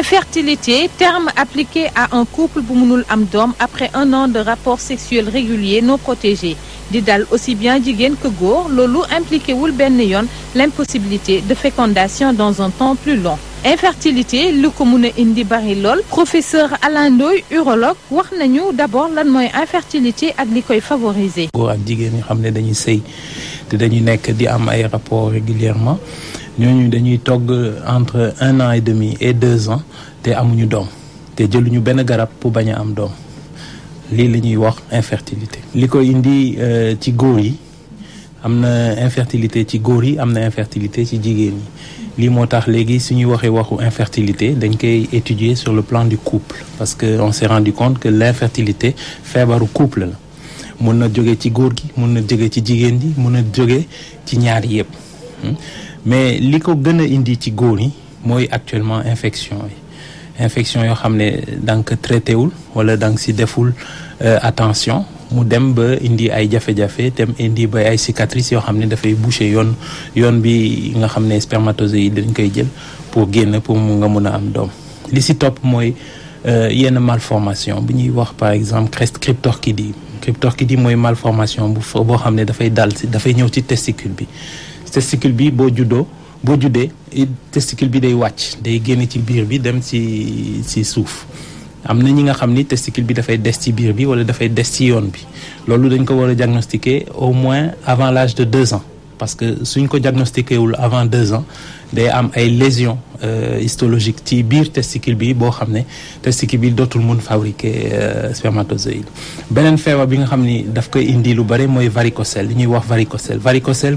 infertilité terme appliqué à un couple pour un après un an de rapports sexuels réguliers non protégés, Didal aussi bien que gour, lolo impliqué wul l'impossibilité de fécondation dans un temps plus long infertilité le ko indi professeur Alain Doy, urologue wax nañu d'abord lan est infertilité à l'école favorisée. favoriser góor régulièrement ñooñu dañuy togg entre un an et demi et deux ans te amuñu doom te jëluñu benn garab pour bañ a am doom lii la ñuy wax infertilité. li ko indi euh, ci góor yi am na infertilité ci góor yi am na infertilité ci jigéen yi lii moo tax léegi su ñuy waxu infertilité dañ koy étudier sur le plan du couple parce que on s'est rendu compte que l'infertilité feebaru couple la. mun na jóge ci góor gi mun na jóge ci jigéen ji mun na ci ñaar yépp hmm? mais li ko gën indi ci góor yi actuellement infection yi infection yo xamné ne danga traité wul wala donc si deful euh, attention mu dem ba indi ay jafé jafé tem indi ba ay cicatrices yo xamné da fay boucher yon yon bi nga xamné spermatozoïde spermatozoïdes dañ koy jël pour génn pour mu nga mëna am dom li top moy euh, yenn malformation bu ñuy wax par exemple cryptorchidie cryptorchidie moy malformation bu bo xamné da fay dal da fay ñëw ci testicule bi testicule bi sont juddoo bo Et testicule bi day wacc day ci biir bi dem ci ci souf amna ñi nga xamni testicule bi fay desti ci biir bi wala fay ci bi diagnostiquer au moins avant l'âge de deux ans parce que suñ ko diagnostiqué wul avant deux ans day am ay lésions euh, histologiques ci biir testicule bi bo xamné testicule bi dotul mun fabriquer euh, spermatozoïde benen bi nga xamni daf koy indi lu bari moy varicocele li ñuy wax varicocele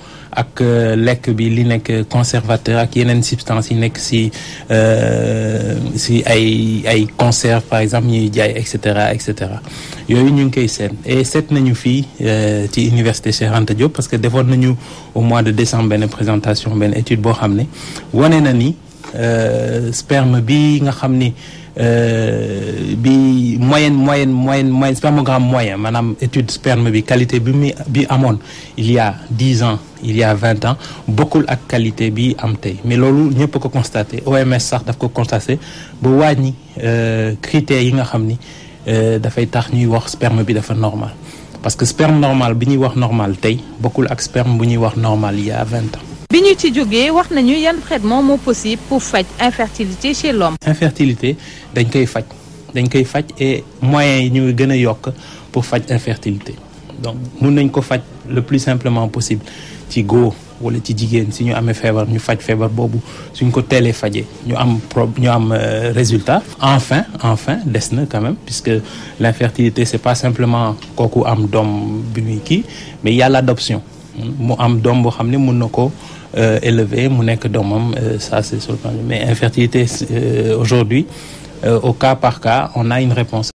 ak euh, les bi li ont conservateur ak yenen substance yi si euh, si ay conserve par exemple etc. Il y a eu une question ñu ngi koy et set nañu l'université euh, ci université parce que devant nañu au mois de décembre une présentation une étude bo xamné woné na euh, sperme bi nga xamni euh bi moyenne moyenne moyenne moyenne spermogramme moyen manam étude sperme bi qualité bi bi amone il y a 10 ans il y a 20 ans beaucoup ak qualité bi am tay mais loolu ñëpp ko constater. OMS sax daf ko constaté ba euh critères yi nga euh ni fay tax ñuy wax sperme bi dafa normal parce que sperme normal bi ñuy wax normal tey Beaucoup ak sperme bu ñuy wax normal il y a 20 ans bi ci jógee wax nañu yan traitement mo possible pour faire infertilité chez l'homme infertilité dañ koy faj dañ koy faj et moyens yi ñu gën pour faire infertilité donc mun nañ ko faj le plus simplement possible ci go wala ci jigéen si ñu amee feebar ñu faj feebar boobu suñ ko teelee fajee ñu am pro ñu am euh, résultat. enfin enfin des na quand même puisque l'infertilité c'est pas simplement kooku am dom bi muy mais il y a l'adoption mu am dom boo xam ne mun euh, élevé mu nekk euh, ça c'est sur le plan mais infertilité euh, aujourd'hui au cas par cas on a une réponse